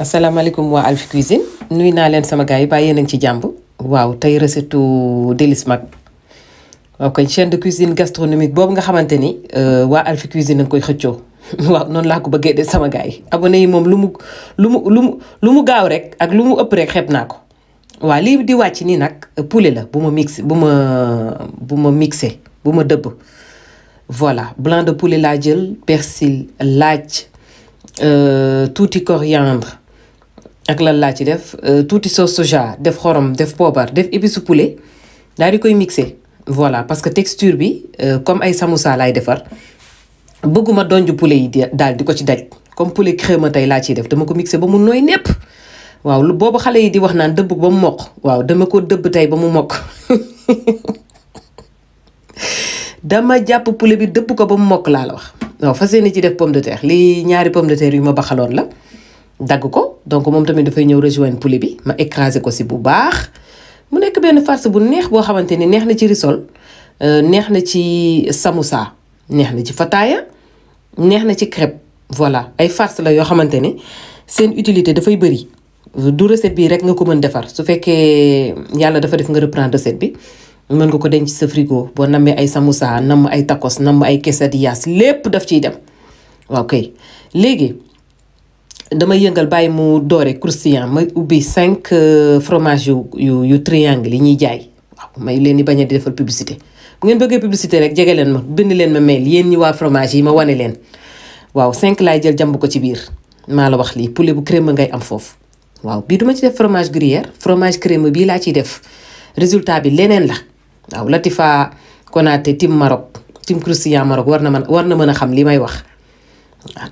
asalaamaaleykum waa Alphie Cuisine nuy naa leen sama gars yi bàyyi nañ ci jàmb waaw tey recette délice mag waaw kon chaîne de cuisine gastronomique boobu nga xamante ni euh, waa Alphie Cuisine a koy xëccoo waaw noonu laa ko bëggee de sama gars yi abonné moom lu mu lu mu lu lu mu gaaw rek ak lu mu ëpp rek xeeb naa ko waaw lii di wàcc nii nag poulet la bu ma mix bu ma bu ma mixé bu ma dëbb voilà blanc de poulet laa jël persil laaj euh, tuuti coriandre ak lan laa ci def euh, tuuti sauce soja def xorom def poobar def épice poulet daal di koy mixé voilà parce que texture bi euh, comme ay samoussa laay defar bëgguma donju poulet yi daal di ko ci daj comme poulet crème tey laa ciy def dama ko mixé ba mu nooy nepp waaw lu boobu xale yi di wax naan dëbb ba mu mokk waaw dama ko tey ba mu mokk dama jàpp poulet bi dëpp ko ba mu mokk laa la wax waaw fas yéene ci def pomme de terre lii ñaari pomme de terre yu ma baxaloon la dagg ko donc moom tamit dafay ñëw rejoindre poulet bi ma écrasé ko si bu baax mu nekk benn farce bu neex boo xamante ni neex na ci risol euh, neex na ci samoussa neex na ci fataaya neex na ci crêpe voilà ay farce la yoo xamante ne seen utilité dafay bëri du recette bi rek nga ko mën defar su fekkee yàlla dafa def nga reprendre recette bi mën nga ko denc sa frigo boo namee ay samoussa namm ay takkos nam ay quesadillas lépp daf ciy dem waaw kay léegi damay yëngal bàyyi mu doore croustillant ma ubbi cinq euh, fromage yu yu triangle yi ñuy jaay waaw may leen yi bañ a di defal publicité bu ngeen bëggee publicité rek jege leen ma bind leen ma mail yéen ñi waa yi ma wane leen waaw cinq laay jël jàmb ko ci biir maa la wax lii poulet bu crème ngay am foofu waaw bii duma ci def fromage gruyère fromage crème bii laa ciy def résultat bi leneen la waaw Latifa Konaté tim Maroc tim croustillant Maroc war na mën war na mën a xam li may wax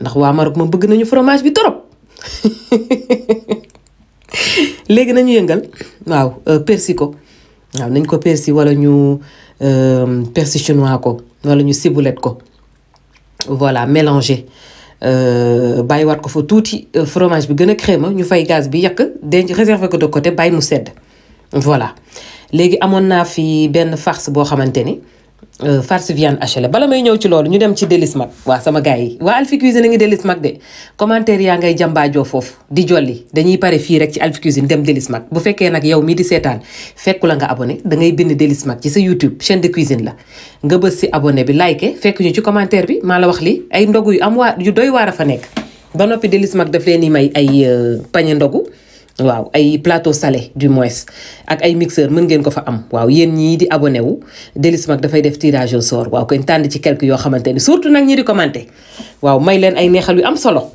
bëgg nañu fromage bi torop léegi nañu yëngal waaw euh, persil ko waaw nañ ko persil walla ñu euh, persil chinois ko wala ñu ciboulette ko voilà mélanger euh, wat ko fa tuuti fromage bi gën a crémeux ñu fay gaz bi yàq denc réserver ko de côté bàyyi mu sedd voilà léegi amoon naa fi benn farce boo xamante ni Euh, farce viande hachée bala may ñëw ci loolu ñu dem ci délice mag waa sama gars yi waa Alphie Cuisine a ngi délice mag de commentaire yaa ngay jàmbaajoo foofu di jolli dañuy pare fii rek ci Alphie Cuisine dem délice mag bu fekkee nag yow mii di seetaan fekku la nga abone dangay bind délice mag ci sa YouTube chaîne de cuisine la nga bës si abone bi like fekk ñu ci commentaire bi maa la wax li ay ndogu yu am waa yu doy waar a fa nekk ba noppi délice mag daf leen may ay euh, pañe ndogu waaw ay plateau salé du moins ak ay mixeur mën ngeen ko fa am waaw yéen ñii di abonné wu Délice Mag dafay def tirage au sort waaw koy tànn ci quelque yoo xamante ni surtout nag ñi di commenté waaw may leen ay neexal yu am solo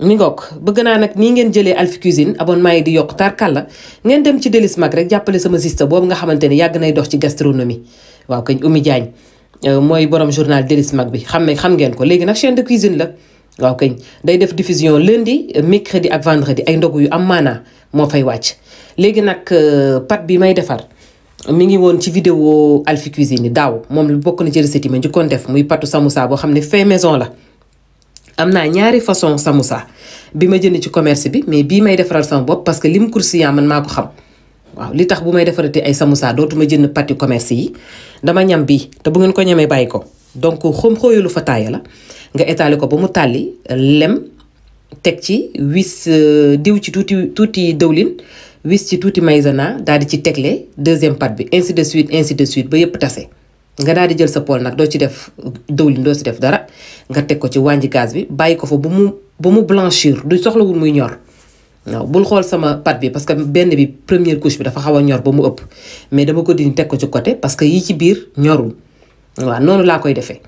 mi ngook bëgg naa nag nii ngeen jëlee Alphie Cuisine abonnement yi di yokk tarkalla ngeen dem ci Délice Mag rek jàppale sama sista boobu nga xamante ni yàgg nay dox ci gastronomie waaw kañ Oumy Diagne euh, mooy borom journal Délice Mag bi xam xam ngeen ko léegi nag chaîne de cuisine waaw kañ day def diffusion lundi mercredi ak di ay ndogu yu am maanaa moo fay wàcc léegi nag euh, pat bi may defar mu ngi woon ci vidéo Alphie Cuisine daaw moom lu bokk na ci recette yi ma njëkkoon def muy patu samoussa boo xam ne fait maison la am naa ñaari façon samoussa bi ma jënd ci commerce bi mais bii may defaral sama bopp parce que lim coursiyan man maa ko xam waaw li tax bu may defarati ay samoussa dootuma jënd pati commerce yi dama ñam bi te bu ngeen ko ñamee bàyyi ko donc xóom fa fataaya la nga étaler ko ba mu tàlli lem teg ci wis euh, diw ci tuuti tuuti dëwlin wis ci tuuti maïzena daal di ci tegle deuxième pâte bi ainsi de suite ainsi de suite ba yëpp tase nga daal di jël sa poêle nag doo ci def dëwlin doo ci def dara nga teg ko ci wàññi gaz bi bàyyi ko fa ba mu ba mu blanchir du soxlawul muy ñor waaw bul xool sama pâte bi parce que benn bi première couche bi dafa xaw a ñor ba mu ëpp mais dama ko dindi teg ko ci côté parce que yi ci biir ñorul waaw noonu laa koy defee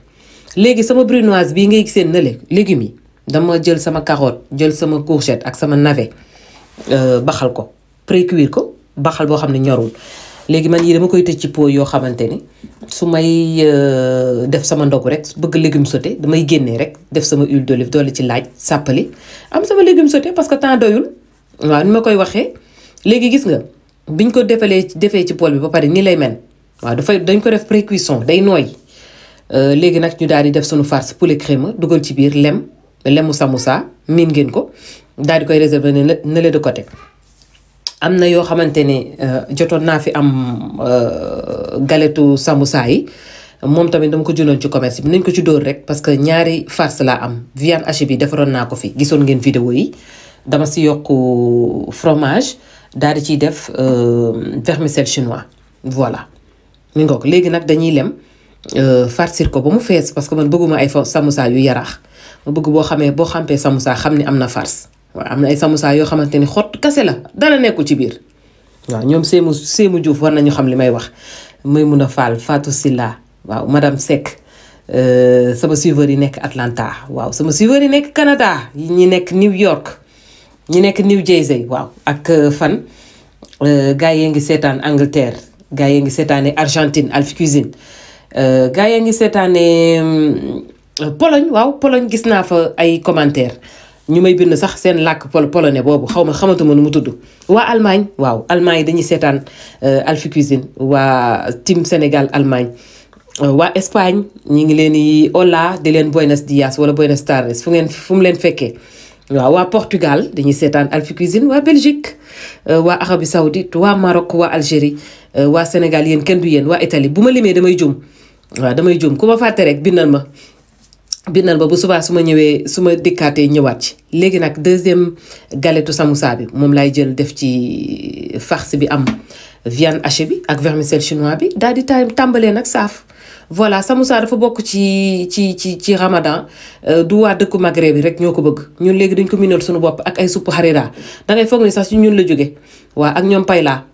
léegi sama brunoise bii ngay seen nële légumes yi dama jël sama carotte jël sama courgette ak sama navet euh, baxal ko précuire ko baxal boo xam ne ñorul léegi man yi dama koy tëj ci pot yoo xamante ni su may euh, def sama ndogu rek bëgg légume sauté damay génnee rek def sama huile d'olive doole ci laaj sàppali am sama légume sauté parce que temps doyul waaw ni ma koy waxee léegi gis nga ñu ko defalee defee ci poêle bi ba pare nii lay mel waaw dafay dañ ko def précuisson day nooy euh, léegi nag ñu daal di def suñu farce poulet crème dugal ci biir lem lemu samoussa miin ngeen ko daal di koy réserver ne le de côté am na yoo xamante ne euh, jotoon naa fi am euh, galetu samoussa yi moom tamit dama ko jëloon ci commerce bi nañ ko ci dóor rek parce que ñaari farce laa am viande hachée bi defaroon naa ko fi gisoon ngeen vidéo yi dama si yokk fromage daal di ci def vermicelle chinois voilà mi ngoog léegi nag dañuy lem euh, farcir ko ba mu fees parce que man bëgguma ay samusa yu yaraax ma bëgg boo xamee boo xampee samusa xam ni am na farce am na ay samusa yoo xamante ni xott kase la dara nekkul ci biir waaw ñoom Sémou Sémou Diouf war nañu xam li may wax Maïmouna Fall Fatou Silla waaw madame Seck euh, sama suiveur yi nekk Atlanta waaw sama suiveur yi nekk Canada ñi nekk New York ñi nekk New Jersey waaw ak euh, fan gars yi ngi seetaan Angleterre gars yi ngi seetaane Argentine Alphie Cuisine euh, gars yi ngi seetaane euh, Pologne waaw Pologne gis naa fa ay commentaire ñu may bind sax seen làkk pol polonais boobu xaw ma xamatuma nu mu tuddu waa Allemagne waaw Allemagne dañuy seetaan euh, Alphie Cuisine waa team Sénégal Allemagne waa Espagne ñi ngi leen di hola di leen buenos dias wala buenos tardes ngeen fu mu leen fekkee waaw waa Portugal dañuy seetaan Alphie Cuisine waa Belgique euh, waa Arabie Saoudite waa Maroc waa Algérie euh, waa Sénégal yéen kenn du yéen waa Italie bu ma limee damay jum waaw damay jum ku ma fàtte rek bindal ma bindal ma bu subaa su ma ñëwee su ma dikkaatee ñëwaat ci léegi nag deuxième galetu samoussa bi moom laay jël def ci farce bi am viande hachée bi ak vermicelle chinois bi daal di tàmbalee nag saaf voilà samoussa dafa bokk ci ci ci ci ramadan euh, du waa dëkku maghreb bi rek ñoo ko bëgg ñun léegi dañ ko miinal suñu bopp ak ay suppu harira da foog ni sax ci ñun la jóge waa ak ñoom payla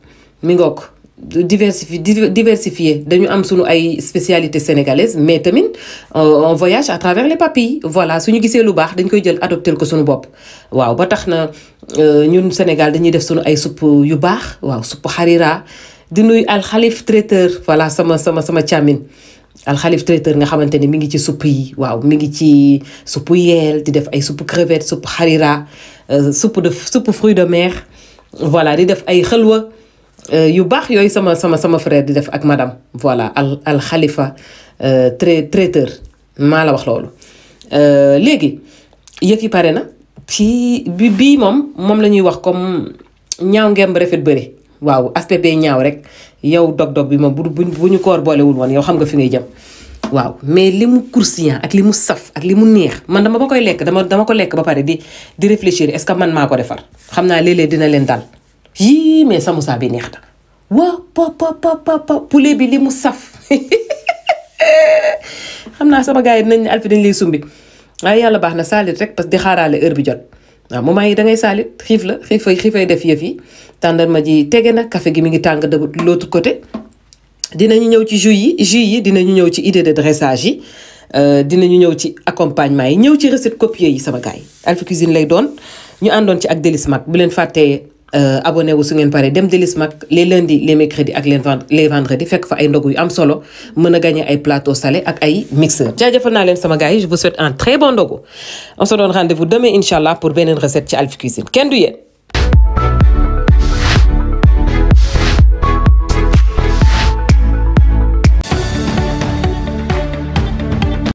mi ngoog diversifié diversifié dañu am suñu ay spécialité sénégalaise mais tamit euh, on voyage à travers les papilles voilà gisee lu baax dañ koy jël adopté ko suñu bopp waaw ba tax na euh, ñun Sénégal dañuy def suñu ay supp yu baax waaw supp xarira di nuyu alxalif traiteur voilà sama sama sama càmmin alxalif traiteur nga xamante ne mi ngi ci supp yi waaw mi ngi ci supp yeel di def ay supp crevette supp xarira euh, supp de supp fruit de mer voilà di def ay xëlwa euh, yu baax yooyu sama sama sama frère di def ak madame voilà al alxalifa euh, trai traiteur maa la wax loolu léegi yëf pare na ci bi bii moom moom la ñuy wax comme ñaaw ngemb rafet bëri waaw aspect bee ñaaw rek yow dog-dog bi moom bu bu ñu koor boolewul woon yow xam nga fi ngay jëm waaw mais li mu croustillant ak li mu saf ak li mu neex man dama ba koy lekk dama dama ko lekk ba pare di di réfléchir est-ce que man maa ko defar xam naa léeg dina leen dal yii mais samosa bi neex na waaw papa papa poulet bi li mu saf xam naa sama gaa yi dinañ ne Alphie lay sumbi waaye yàlla baax na saalit rek parce que di xaaraale heure bi jot waaw moment yi da ngay saalit xiif la xiif fay xiif def yëf yi tàndarma ji tege na kafe gi mi ngi tàng de l'autre côté dinañu ñëw ci jus yi jus yi dinañu ñëw ci idée de dressage yi euh, dinañu ñëw ci accompagnement yi ñëw ci recette copier yi sama gars yi Alphie Cuisine lay doon ñu àndoon ci ak Délices Mag bu leen fàttee Euh, abonné wu su ngeen pare dem Délices Mag les lundis les mercredis ak les vendredis fekk fa ay ndogu yu am solo mën a gagné ay plateau salé ak ay mixeur jaajëfal naa leen sama gars yi je vous souhaite un très bon ndogu on se donne rendez-vous demain incha pour beneen recette ci Alphie Cuisine kenn du yéen